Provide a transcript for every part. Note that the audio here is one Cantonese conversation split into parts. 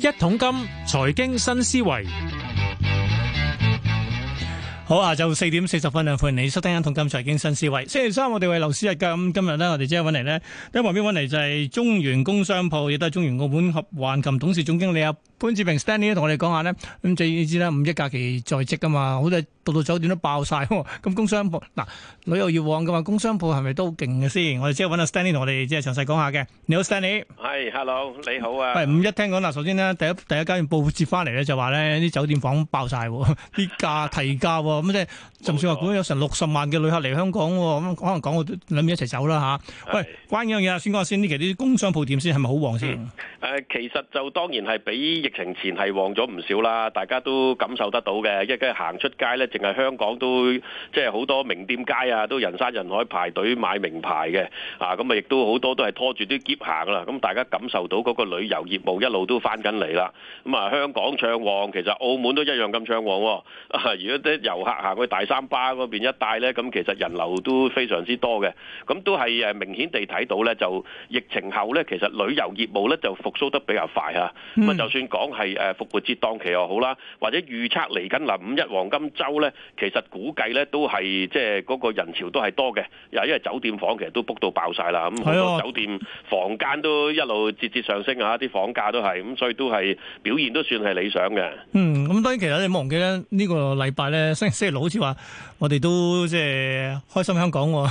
一桶金財經新思維，好，下晝四點四十分歡迎你收聽一桶金財經新思維。星期三我哋會係樓市日，今日咧我哋即刻搵嚟咧，喺旁邊搵嚟就係中原工商鋪，亦都係中原澳門合橫琴董事總經理。潘志明，Stanley 同我哋講下呢。咁就如知啦，五一假期在職噶嘛，好多度度酒店都爆晒，咁工商鋪嗱，旅遊要旺噶嘛，工商鋪係咪都勁嘅先？我哋即係搵阿 Stanley 同我哋即係詳細講下嘅。你好，Stanley、hey。係，Hello，你好啊。喂，五一聽講嗱，首先呢，第一第一間報接翻嚟咧，就話呢啲酒店房爆晒，啲 價提價，咁即係 就算話估計有成六十萬嘅旅客嚟香港，咁 可能講我兩邊一齊走啦吓。喂，關呢樣嘢啊，先講下先，呢期啲工商鋪點先，係咪好旺先？誒、嗯呃，其實就當然係比。疫情前係旺咗唔少啦，大家都感受得到嘅。而家行出街咧，淨係香港都即係好多名店街啊，都人山人海排隊買名牌嘅。啊，咁啊，亦都好多都係拖住啲喼行啦。咁大家感受到嗰個旅遊業務一路都翻緊嚟啦。咁啊，香港暢旺，其實澳門都一樣咁暢旺。如果啲遊客行去大三巴嗰邊一帶咧，咁其實人流都非常之多嘅。咁都係誒明顯地睇到咧，就疫情後咧，其實旅遊業務咧就復甦得比較快嚇。咁啊，就算。講係誒復活節檔期又好啦，或者預測嚟緊嗱五一黃金周咧，其實估計咧都係即係嗰個人潮都係多嘅，又因為酒店房其實都 book 到爆晒啦，咁好、啊、多酒店房間都一路節節上升啊，啲房價都係，咁所以都係表現都算係理想嘅。嗯，咁當然其實你唔忘記咧呢、這個禮拜咧星星期，星期四六好似話我哋都即係開心香港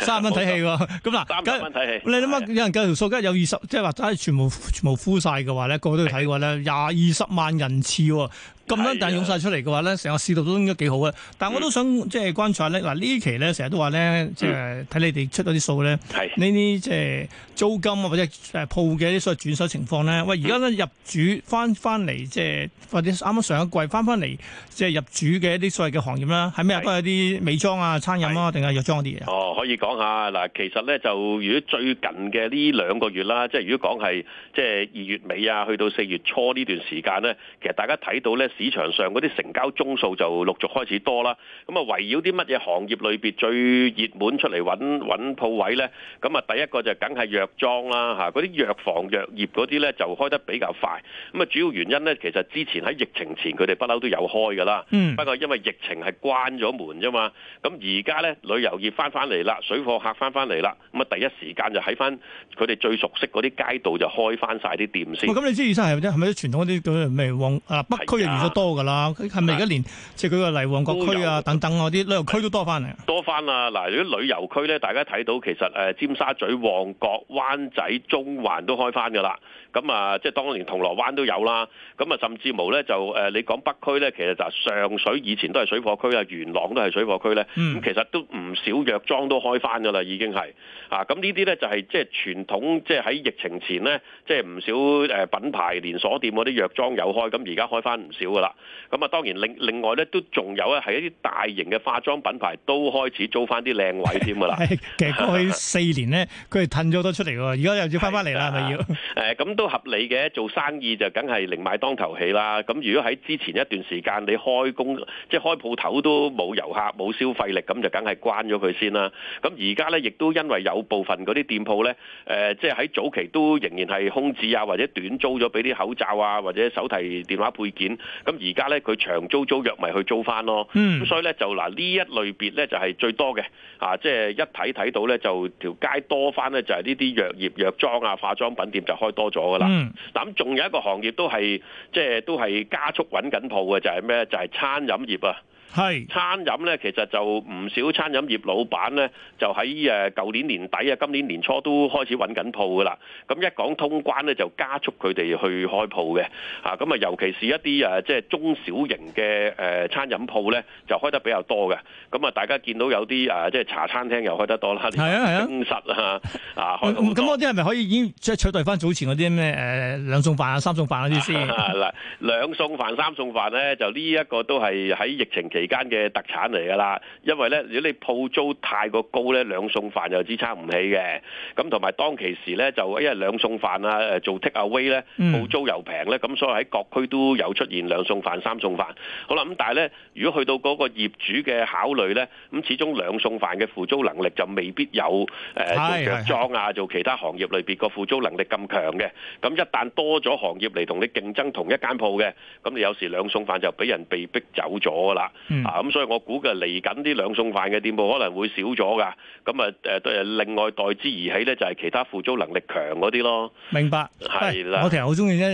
三蚊睇戲喎，咁嗱卅蚊睇戲，你諗下、啊、有人計條數，梗係有二十，即係話真係全部全部敷晒嘅話咧，個個都要睇嘅咧。廿二十萬人次喎。咁多蛋湧晒出嚟嘅話咧，成、啊、個市道都應該幾好嘅。但係我都想即係、就是、關注下咧，嗱呢期咧成日都話咧，即係睇你哋出咗啲數咧，呢啲即係租金啊，或者誒鋪嘅啲所謂轉手情況咧。喂，而家咧入主翻翻嚟，即係、就是、或者啱啱上一季翻翻嚟，即、就、係、是、入主嘅一啲所謂嘅行業啦，係咩啊？都係啲美妝啊、餐飲啊，定係、啊、藥妝嗰啲嘢？哦，可以講下嗱，其實咧就如果最近嘅呢兩個月啦，即係如果講係即係二月尾啊，去到四月初呢段時間咧，其實大家睇到咧。市場上嗰啲成交宗數就陸續開始多啦，咁啊圍繞啲乜嘢行業裏邊最熱門出嚟揾揾鋪位咧？咁啊第一個就梗係藥妝啦嚇，嗰啲藥房藥業嗰啲咧就開得比較快。咁啊主要原因咧，其實之前喺疫情前佢哋不嬲都有開噶啦，不、嗯、過因為疫情係關咗門啫嘛。咁而家咧旅遊業翻翻嚟啦，水貨客翻翻嚟啦，咁啊第一時間就喺翻佢哋最熟悉嗰啲街道就開翻晒啲店先。咁、嗯、你知意知係咪啲傳統嗰啲咩旺啊北區？多噶啦，係咪而家連即佢個黎旺國區啊都等等啊啲旅遊區都多翻嚟？多翻啦嗱，如果旅遊區咧，大家睇到其實尖沙咀、旺角、灣仔、中環都開翻噶啦。咁啊，即係當年銅鑼灣都有啦。咁啊，甚至無咧就你講北區咧，其實就上水以前都係水貨區啊，元朗都係水貨區咧。咁、嗯、其實都唔少藥莊都開翻噶啦，已經係啊。咁呢啲咧就係、是、即係傳統，即係喺疫情前咧，即係唔少品牌連鎖店嗰啲藥莊有開，咁而家開翻唔少。噶啦，咁啊，當然另另外咧，都仲有咧，係一啲大型嘅化妝品牌都開始租翻啲靚位添噶啦。其實過去四年咧，佢係褪咗多出嚟喎，而家又要翻翻嚟啦，係咪要？誒，咁都合理嘅，做生意就梗係寧買當頭起啦。咁如果喺之前一段時間你開工，即係開鋪頭都冇遊客、冇消費力，咁就梗係關咗佢先啦。咁而家咧，亦都因為有部分嗰啲店鋪咧，誒，即係喺早期都仍然係空置啊，或者短租咗俾啲口罩啊，或者手提電話配件。咁而家咧，佢長租租約咪去租翻咯。咁所以咧，就嗱呢一類別咧就係最多嘅啊！即係一睇睇到咧，就條街多翻咧，就係呢啲藥業、藥妝啊、化妝品店就開多咗噶啦。嗱，咁仲有一個行業都係即係都係加速揾緊鋪嘅，就係咩？就係餐飲業啊！係餐飲咧，其實就唔少餐飲業老闆咧，就喺誒舊年年底啊，今年年初都開始揾緊鋪噶啦。咁一講通關咧，就加速佢哋去開鋪嘅。啊，咁啊，尤其是一啲誒、啊、即係中小型嘅誒、啊、餐飲鋪咧，就開得比較多嘅。咁啊，大家見到有啲誒、啊、即係茶餐廳又開得多啦，啲冰室啊啊，啊， 啊、嗯、開到咁。咁嗰啲係咪可以已經即係取代翻早前嗰啲咩誒兩餸飯啊、三餸飯嗰啲先？嗱 兩餸飯、三餸飯咧，就呢一個都係喺疫情期。期間嘅特產嚟㗎啦，因為咧，如果你鋪租太過高咧，兩餸飯又支撐唔起嘅。咁同埋當其時咧，就因為兩餸飯啊，誒做 takeaway 咧，鋪租又平咧，咁所以喺各區都有出現兩餸飯、三餸飯。好啦，咁但係咧，如果去到嗰個業主嘅考慮咧，咁始終兩餸飯嘅付租能力就未必有誒做著裝啊，做其他行業類別個付租能力咁強嘅。咁一旦多咗行業嚟同你競爭同一間鋪嘅，咁你有時兩餸飯就俾人被逼走咗㗎啦。嗯、啊，咁所以我估嘅嚟緊啲兩餸飯嘅店鋪可能會少咗噶，咁啊誒，另外代之而起咧就係、是、其他付租能力強嗰啲咯。明白，係、哎、我其實好中意一日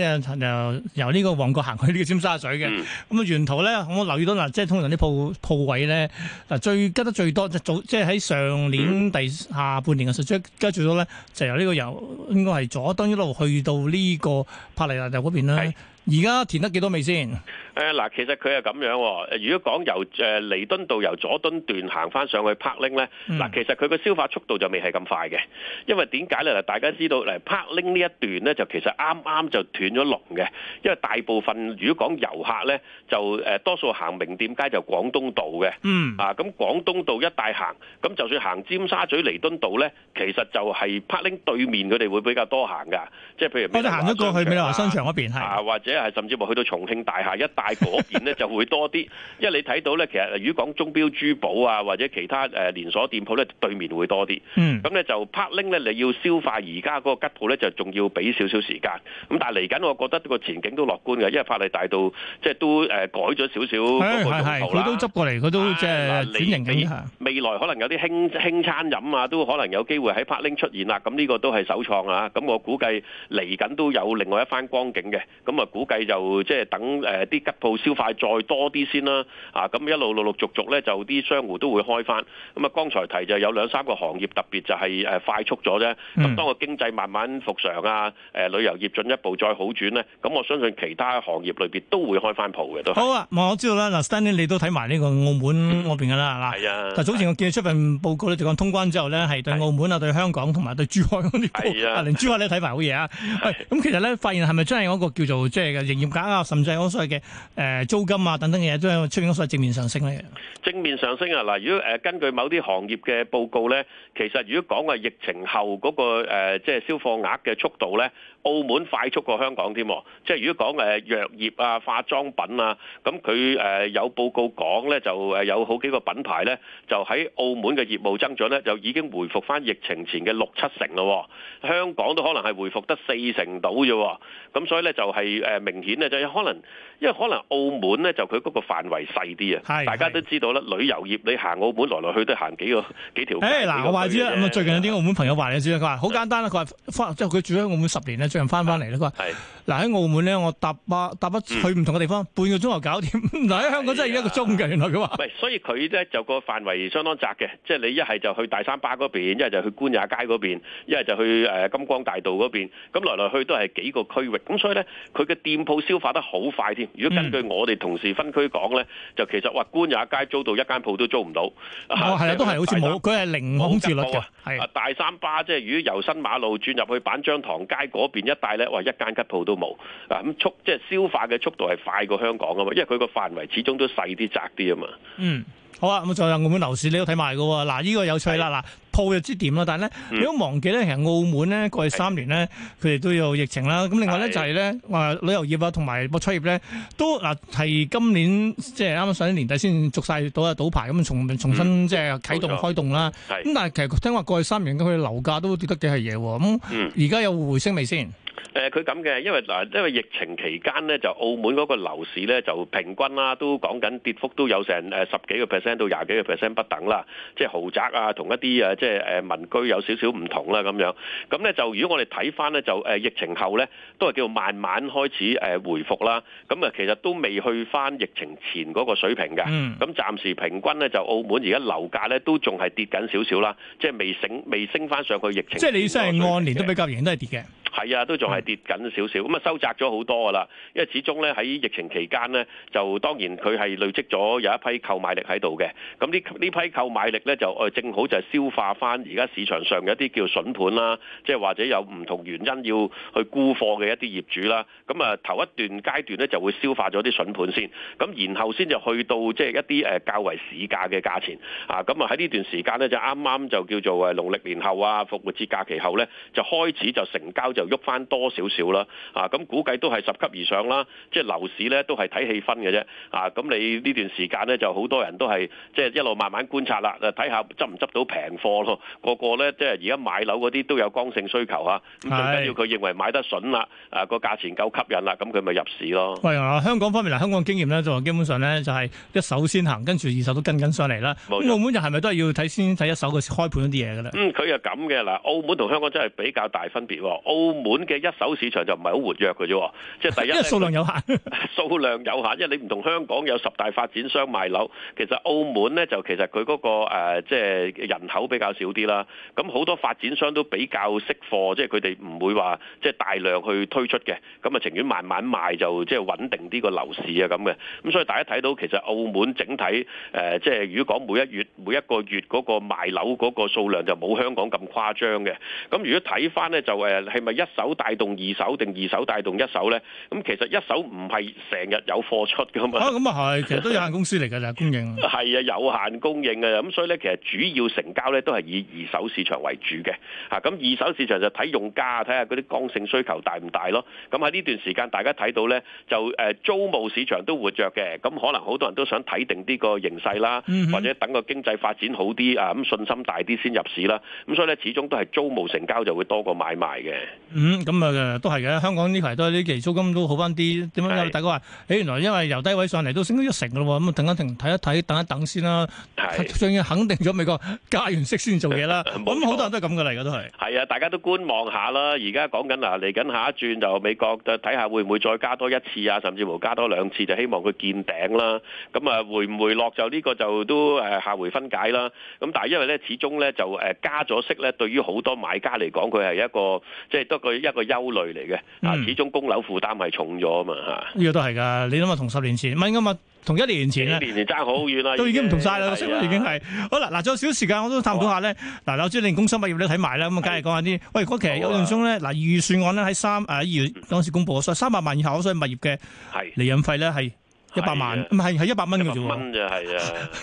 由呢個旺角行去呢個尖沙咀嘅。咁、嗯、啊，沿途咧，我留意到嗱，即係通常啲鋪鋪位咧，嗱最吉得最多就早，即係喺上年第下半年嘅時候，最吉最多咧就由呢個由應該係佐敦一路去到呢個柏麗大道嗰邊咧。而家填得幾多未先？誒嗱、哦呃嗯，其實佢係咁樣，如果講由誒彌敦道由佐敦段行翻上去柏麗咧，嗱其實佢個消化速度就未係咁快嘅，因為點解咧？嗱，大家知道，嗱柏麗呢一段咧就其實啱啱就斷咗龍嘅，因為大部分如果講遊客咧，就誒、呃、多數行名店街就廣東道嘅、嗯，啊咁廣東道一帶行，咁就算行尖沙咀彌敦道咧，其實就係柏麗對面佢哋會比較多行噶，即係譬如我哋行咗過去美麗華商場嗰邊啊或者係甚至乎去到重慶大廈一帶。喺 嗰邊咧就會多啲，因為你睇到咧，其實如果講鐘錶、珠寶啊，或者其他誒、呃、連鎖店鋪咧，對面會多啲。咁、嗯、咧就 parking 咧，你要消化而家嗰個吉鋪咧，就仲要俾少少時間。咁但係嚟緊，我覺得個前景都樂觀嘅，因為法例大到即係都誒、呃、改咗少少，係係係，佢都執過嚟，佢都即係轉型嘅、啊、未，未來可能有啲輕輕餐飲啊，都可能有機會喺 parking 出現啦。咁呢個都係首創啊！咁我估計嚟緊都有另外一番光景嘅。咁啊，估計就即係等誒啲。呃一鋪消費再多啲先啦、啊，啊咁一路陸陸續續咧就啲商戶都會開翻。咁啊，剛才提就有兩三個行業特別就係誒快速咗啫。咁、嗯、當個經濟慢慢復常啊，誒、呃、旅遊業進一步再好轉咧，咁、啊、我相信其他行業裏邊都會開翻鋪嘅都。好啊，我知道啦。嗱、啊、Stanley 你都睇埋呢個澳門嗰邊噶啦，係 啊。但早前我見出份報告咧，就講、啊、通關之後咧係對澳門啊、對香港同埋對珠海嗰啲，啊連珠海你都睇埋好嘢啊。喂、啊，咁、啊嗯、其實咧發現係咪真係嗰個叫做即係營業額啊？甚至係我所謂嘅？誒、呃、租金啊等等嘅嘢，都有出現咗所謂正面上升咧。正面上升啊！嗱，如果誒根據某啲行業嘅報告咧，其實如果講話疫情後嗰、那個、呃、即係銷貨額嘅速度咧。澳門快速過香港添，即係如果講誒藥業啊、化妝品啊，咁佢有報告講咧，就有好幾個品牌咧，就喺澳門嘅業務增長咧，就已經回復翻疫情前嘅六七成咯。香港都可能係回復得四成到啫，咁所以咧就係明顯咧就可能，因為可能澳門咧就佢嗰個範圍細啲啊。大家都知道啦，旅遊業你行澳門來來去都行幾個幾條。誒、哎、嗱，我話知啦，咁啊、嗯、最近有啲澳門朋友話你知啦，佢話好簡單啦，佢話翻即係佢住喺澳門十年咧。最近翻翻嚟啦，佢話：嗱、啊、喺澳門咧，我搭巴搭巴、嗯、去唔同嘅地方，半個鐘頭搞掂。嗱、嗯、喺、哎、香港真係要一個鐘嘅。原來佢話。唔係，所以佢咧就個範圍相當窄嘅，即、就、係、是、你一係就去大三巴嗰邊，一係就去官也街嗰邊，一係就去誒、呃、金光大道嗰邊。咁來來去都係幾個區域。咁所以咧，佢嘅店鋪消化得好快添。如果根據我哋同事分區講咧，就其實話、呃、官也街租到一間鋪都租唔到。哦，係啊，啊就是、都係好似冇，佢係零空置率嘅。啊，大三巴即係如果由新馬路轉入去板樟堂街嗰邊。前一帶咧，哇一間吉鋪都冇啊！咁速即係消化嘅速度係快過香港啊嘛，因為佢個範圍始終都細啲窄啲啊嘛。嗯，好啊，咁啊，再有澳門樓市你都睇埋嘅喎，嗱呢個有趣啦嗱。鋪又知點咯，但係咧、嗯，你都忘記咧，其實澳門咧過去三年咧，佢哋都有疫情啦。咁另外咧就係、是、咧，話，旅遊業啊，同埋博彩業咧，都嗱係、啊、今年即係啱啱上年底先續晒賭啊賭牌咁，重重新、嗯、即係啟動開動啦。咁、嗯、但係其實聽話過去三年佢樓價都跌得幾係嘢喎。咁而家有回升未、嗯、先？誒佢咁嘅，因為嗱，因為疫情期間咧，就澳門嗰個樓市咧就平均啦，都講緊跌幅都有成誒十幾個 percent 到廿幾個 percent 不等啦，即係豪宅啊，同一啲啊，即係誒民居有少少唔同啦咁樣。咁咧就如果我哋睇翻咧，就誒疫情後咧，都係叫慢慢開始誒回復啦。咁啊，其實都未去翻疫情前嗰個水平嘅。咁、嗯、暫時平均咧，就澳門而家樓價咧都仲係跌緊少少啦，即係未升，未升翻上去疫情。即係你即係按年都比較仍都係跌嘅。係啊，都仲係跌緊少少，咁啊收窄咗好多㗎啦。因為始終咧喺疫情期間咧，就當然佢係累積咗有一批購買力喺度嘅。咁呢呢批購買力咧就，正好就消化翻而家市場上嘅一啲叫筍盤啦，即係或者有唔同原因要去沽貨嘅一啲業主啦。咁啊頭一段階段咧就會消化咗啲筍盤先，咁然後先就去到即係一啲誒較為市價嘅價錢。咁啊喺呢段時間咧就啱啱就叫做誒農曆年後啊，復活節假期後咧就開始就成交。就喐翻多少少啦，啊咁估計都係十級以上啦，即係樓市咧都係睇氣氛嘅啫，啊咁你呢段時間咧就好多人都係即係一路慢慢觀察啦，睇下執唔執到平貨咯，個個咧即係而家買樓嗰啲都有剛性需求嚇，咁最緊要佢認為買得筍啦，啊個價錢夠吸引啦，咁佢咪入市咯。喂、啊，香港方面嗱，香港經驗咧就話基本上咧就係、是、一手先行，跟住二手都跟緊上嚟、嗯嗯、啦。澳門就係咪都係要睇先睇一手嘅開盤嗰啲嘢嘅咧？嗯，佢又咁嘅嗱，澳門同香港真係比較大分別，澳、哦。澳門嘅一手市場就唔係好活躍嘅啫，即係第一。因為數量有限，數量有限，因為你唔同香港有十大發展商賣樓，其實澳門咧就其實佢嗰、個即係、呃、人口比較少啲啦。咁好多發展商都比較識貨，即係佢哋唔會話即係大量去推出嘅。咁啊，情願慢慢賣就即係穩定啲個樓市啊咁嘅。咁所以大家睇到其實澳門整體誒、呃、即係如果講每一月每一個月嗰個賣樓嗰個數量就冇香港咁誇張嘅。咁如果睇翻咧就誒係咪？是不是一手帶動二手定二手帶動一手呢？咁其實一手唔係成日有貨出噶嘛，咁啊係、嗯，其實都有限公司嚟㗎啦， 就供應係啊有限供應嘅、啊，咁所以呢，其實主要成交呢都係以二手市場為主嘅嚇。咁二手市場就睇用家睇下嗰啲剛性需求大唔大咯。咁喺呢段時間大家睇到呢就誒租務市場都活躍嘅。咁可能好多人都想睇定呢個形勢啦、嗯，或者等個經濟發展好啲啊，咁信心大啲先入市啦。咁所以呢，始終都係租務成交就會多過買賣嘅。嗯，咁啊都係嘅，香港呢排都係呢期租金都好翻啲。點樣大家話？誒，原來因為由低位上嚟都升咗一成嘅咯。咁啊，停一停睇一睇，等一等先啦。係，仲要肯定咗美國加完息先做嘢啦。咁好多人都係咁嘅嚟嘅，都係。係啊，大家都觀望下啦。而家講緊啊，嚟緊下一轉就美國睇下會唔會再加多一次啊，甚至乎加多兩次，就希望佢見頂啦。咁啊，回唔回落就呢個就都誒下回分解啦。咁但係因為咧，始終咧就誒加咗息咧，對於好多買家嚟講，佢係一個即係都。一個憂慮嚟嘅，嗱，始終供樓負擔係重咗啊嘛，呢、嗯、個、啊、都係噶，你諗下同十年前，唔係噶嘛，同一年前一年年爭好遠啦，都已經唔同晒啦，欸、已經係、啊、好啦，嗱，仲有少時間我都探討下咧，嗱、啊，我知你連工商、物業都睇埋、啊、啦，咁啊，梗係講下啲，喂，嗰期有陣中咧，嗱預算案咧喺三啊二月當時公布嘅，所以三百萬以下所有物業嘅厘印費咧係。是是一百萬唔係係一百蚊嘅啫喎，啊，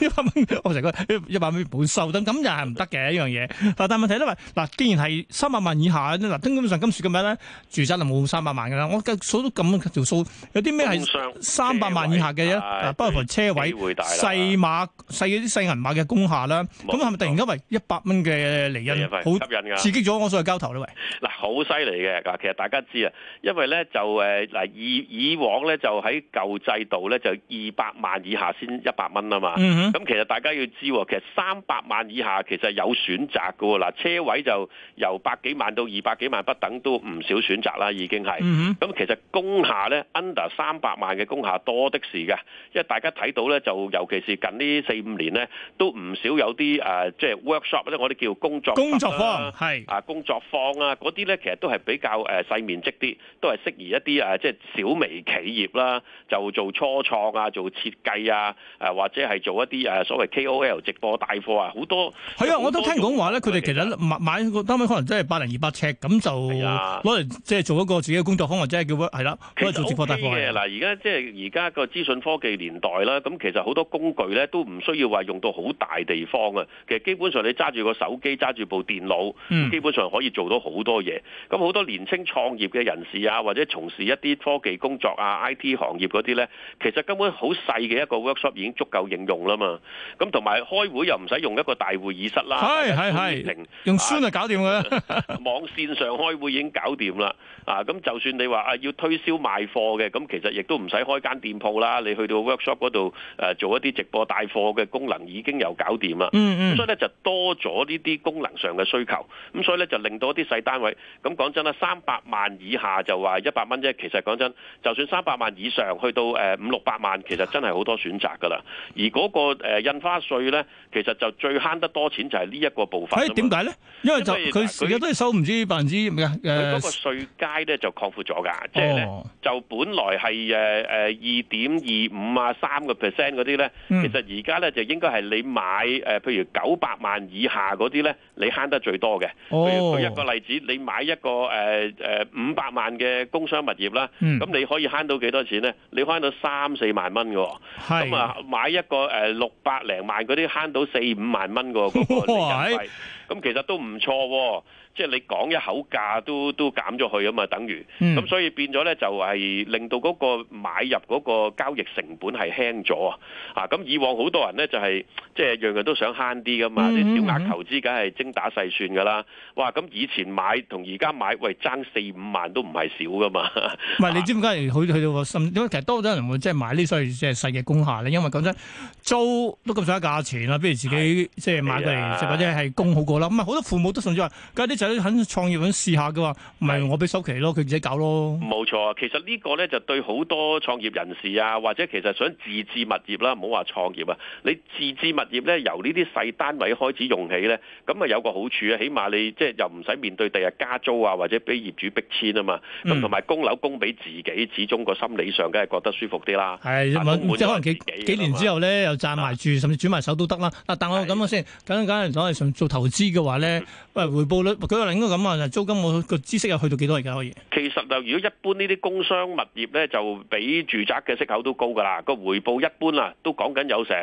一百蚊我成個一百蚊本收，咁咁又係唔得嘅一樣嘢。嗱 但問題咧，喂嗱，既然係三百萬以下嗱，根本上今時今日咧，住宅就冇三百萬嘅啦。我數到咁條數，有啲咩係三百萬以下嘅咧、啊？包括車位、會大細碼細嗰啲細銀碼嘅工廈啦。咁係咪突然間為一百蚊嘅利益？好刺激咗我所有交投咧？喂嗱，好犀利嘅嗱，其實大家知啊，因為咧就誒嗱以以往咧就喺舊制度咧。就二百萬以下先一百蚊啊嘛，咁、嗯、其實大家要知喎，其實三百萬以下其實有選擇嘅喎，嗱車位就由百幾萬到二百幾萬不等，都唔少選擇啦，已經係，咁、嗯、其實工廈咧 under 三百萬嘅工廈多的是嘅，因為大家睇到咧就尤其是近呢四五年咧，都唔少有啲誒即係 workshop，即係我哋叫工作、啊工作啊、工作坊啊工作坊啊嗰啲咧，其實都係比較誒細、呃、面積啲，都係適宜一啲誒即係小微企業啦，就做初初創啊，做設計啊，誒或者係做一啲誒所謂 KOL 直播帶貨啊，好多係啊多，我都聽講話咧，佢哋其實買個單位可能真係百零二百尺咁就攞嚟即係做一個自己嘅工作，可能真係叫係啦、啊，可以做直播帶貨嘅、啊、嗱。而家即係而家個資訊科技年代啦，咁其實好多工具咧都唔需要話用到好大地方啊。其實基本上你揸住個手機，揸住部電腦，基本上可以做到好多嘢。咁、嗯、好多年青創業嘅人士啊，或者從事一啲科技工作啊、IT 行業嗰啲咧，其實。就根本好細嘅一個 workshop 已經足夠應用啦嘛，咁同埋開會又唔使用用一個大會議室啦，係係係用書就搞掂佢啦， 網線上開會已經搞掂啦，啊咁就算你話啊要推銷賣貨嘅，咁其實亦都唔使開間店鋪啦，你去到 workshop 度誒做一啲直播帶貨嘅功能已經有搞掂啦，嗯嗯，所以咧就多咗呢啲功能上嘅需求，咁所以咧就令到一啲細單位，咁講真啦，三百萬以下就話一百蚊啫，其實講真，就算三百萬以上，去到誒五六。八萬其實真係好多選擇㗎啦，而嗰、嗰個、呃、印花稅咧，其實就最慳得多錢就係呢一個部分。誒點解咧？因為就佢而家都係收唔知百分之咩誒，佢嗰個稅階咧就擴闊咗㗎，即係咧就本來係誒誒二點二五啊三個 percent 嗰啲咧，其實而家咧就應該係你買誒、呃、譬如九百萬以下嗰啲咧，你慳得最多嘅、哦。譬如舉一個例子，你買一個誒誒五百萬嘅工商物業啦，咁、嗯、你可以慳到幾多錢咧？你慳到三。四萬蚊嘅。咁啊買一個誒六百零萬嗰啲慳到四五萬蚊嘅嗰個利率。 咁其實都唔錯喎，即係你講一口價都都減咗去啊嘛，等於咁所以變咗咧就係令到嗰個買入嗰個交易成本係輕咗啊！啊咁以往好多人咧就係即係樣樣都想慳啲噶嘛，啲小額投資梗係精打細算噶啦。哇！咁以前買同而家買，喂爭四五萬都唔係少噶嘛。唔 係你知唔知點解？去去到個心，因為其實多數人都會即係買呢所以即係細嘅工廈咧，因為講真租都咁上下價錢啦，不如自己即係買過嚟，或者係供好過。好多父母都甚至話，佢啲仔女肯創業想試下嘅話，唔係我俾首期咯，佢自己搞咯。冇錯，其實呢個咧就對好多創業人士啊，或者其實想自置物業啦，唔好話創業啊，你自置物業咧由呢啲細單位開始用起咧，咁啊有個好處咧，起碼你即係又唔使面對第日常常加租啊，或者俾業主逼遷啊嘛。咁同埋供樓供俾自己，始終個心理上梗係覺得舒服啲啦。係，即可能幾幾年之後咧，又賺埋住，甚至轉埋手都得啦。但我咁樣先，緊緊係講係做投資。啲嘅話咧，誒回報率嗰個應該咁啊，租金我個孳息又去到幾多而家可以？其實就如果一般呢啲工商物業咧，就比住宅嘅息口都高噶啦。個回報一般啊，都講緊有成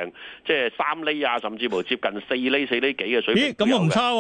即係三厘啊，甚至乎接近四厘、四厘幾嘅水平。咦？咁又唔差喎，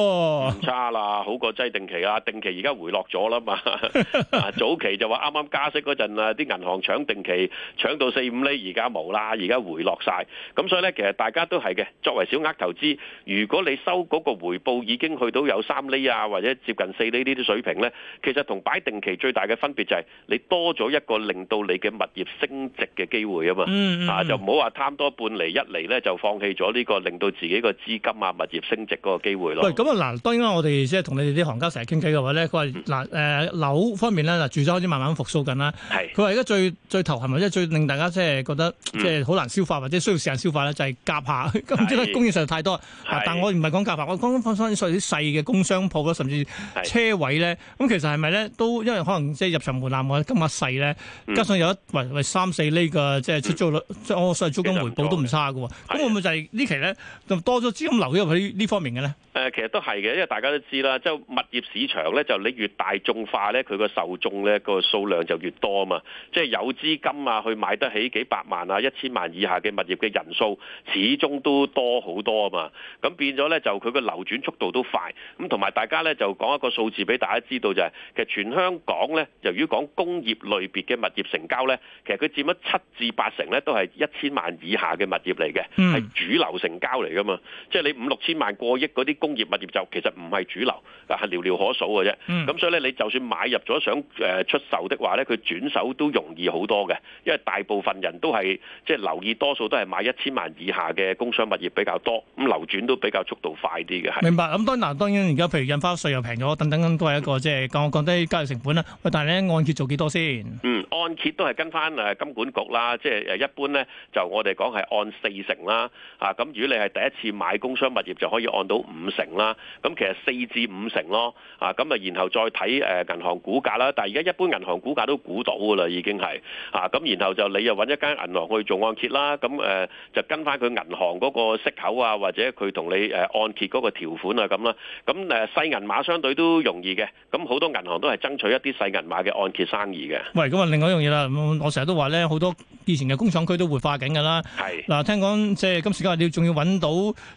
唔差啦，好過擠定期啊！定期而家回落咗啦嘛。 早期就話啱啱加息嗰陣啊，啲銀行搶定期，搶到四五厘，而家冇啦，而家回落晒。咁所以咧，其實大家都係嘅。作為小額投資，如果你收嗰個回報，已經去到有三厘啊，或者接近四厘呢啲水平咧，其實同擺定期最大嘅分別就係你多咗一個令到你嘅物業升值嘅機會啊嘛，啊就唔好話貪多半厘，一厘咧就放棄咗呢個令到自己個資金啊物業升值嗰個機會咯。喂，咁啊嗱，當然啦，我哋即係同你哋啲行家成日傾偈嘅話咧，佢話嗱誒樓方面咧嗱，住宅開始慢慢復甦緊啦。係。佢話而家最最頭痕或者最令大家即係覺得即係好難消化或者需要時間消化咧，就係夾下，唔知咧工業實在太多。係。但係我唔係講夾下，我講放鬆。分晒啲細嘅工商鋪，甚至車位咧,咁其實係咪咧都因為可能即係入場門檻我今日細咧，加上有一圍三四厘嘅即係出租率，即係我所謂租金回報都唔差嘅。咁會唔會就係呢期咧就多咗資金流入去呢方面嘅咧？誒，其實都係嘅，因為大家都知啦，即係物業市場咧就你越大眾化咧，佢個受眾咧個數量就越多啊嘛。即係有資金啊去買得起幾百萬啊一千萬以下嘅物業嘅人數，始終都多好多啊嘛。咁變咗咧就佢個流轉速。度都快，咁同埋大家咧就講一個數字俾大家知道就係、是、其實全香港咧，由於講工業類別嘅物業成交咧，其實佢佔咗七至八成咧，都係一千萬以下嘅物業嚟嘅，係、嗯、主流成交嚟噶嘛即、就、係、是、你五六千萬過億嗰啲工業物業就其實唔係主流，係寥寥可數嘅啫。咁、嗯、所以咧，你就算買入咗想誒出售的話咧，佢轉手都容易好多嘅，因為大部分人都係即係留意，多數都係買一千萬以下嘅工商物業比較多，咁流轉都比較速度快啲嘅，係。咁當嗱當然而家譬如印花稅又平咗，等等都係一個即係降降低交易成本啦。喂，但係咧按揭做幾多先？嗯，按揭都係跟翻誒金管局啦，即係誒一般咧就我哋講係按四成啦。咁如果你係第一次買工商物業就可以按到五成啦。咁其實四至五成咯。咁啊，然後再睇誒銀行估價啦。但係而家一般銀行估價都估到㗎啦，已經係咁。然後就你又搵一間銀行去做按揭啦。咁誒就跟翻佢銀行嗰個息口啊，或者佢同你誒按揭嗰個條。款啊，咁啦，咁誒細銀碼相對都容易嘅，咁好多銀行都係爭取一啲細銀碼嘅按揭生意嘅。喂，咁啊，另外一樣嘢啦，我成日都話咧，好多以前嘅工廠區都活化緊㗎、呃呃、啦。係嗱，聽講即係今時今日，你仲要揾到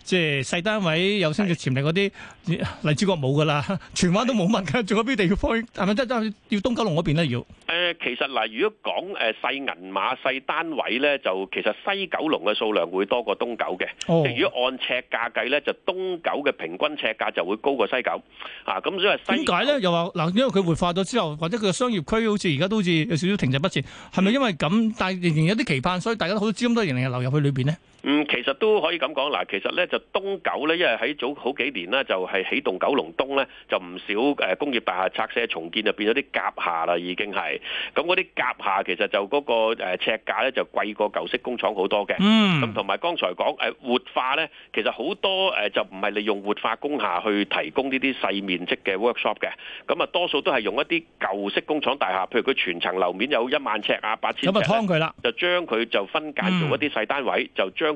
即係細單位有升值潛力嗰啲，荔枝角冇㗎啦，荃灣都冇問㗎，仲有邊地方係咪真真要東九龍嗰邊咧要？誒，其實嗱，如果講誒細銀碼細單位咧，就其實西九龍嘅數量會多過東九嘅。如果按尺價計咧，就東九嘅平。哦均尺價就會高過西九，咁點解咧？又話嗱，因為佢活化咗之後，或者佢嘅商業區好似而家都好似有少少停滯不前，係咪因為咁？但係仍然有啲期盼，所以大家都好多資金都仍然係流入去裏面咧。嗯，其實都可以咁講嗱，其實咧就東九咧，因為喺早好幾年咧就係起動九龍東咧，就唔少誒工業大廈拆卸重建就變咗啲甲廈啦，已經係咁嗰啲甲廈其實就嗰個誒尺價咧就貴過舊式工廠好多嘅。咁同埋剛才講誒活化咧，其實好多誒就唔係利用活化工廈去提供呢啲細面積嘅 workshop 嘅，咁啊多數都係用一啲舊式工廠大廈，譬如佢全層樓面有一萬尺啊、八千尺，就將佢就分間做一啲細單位，就將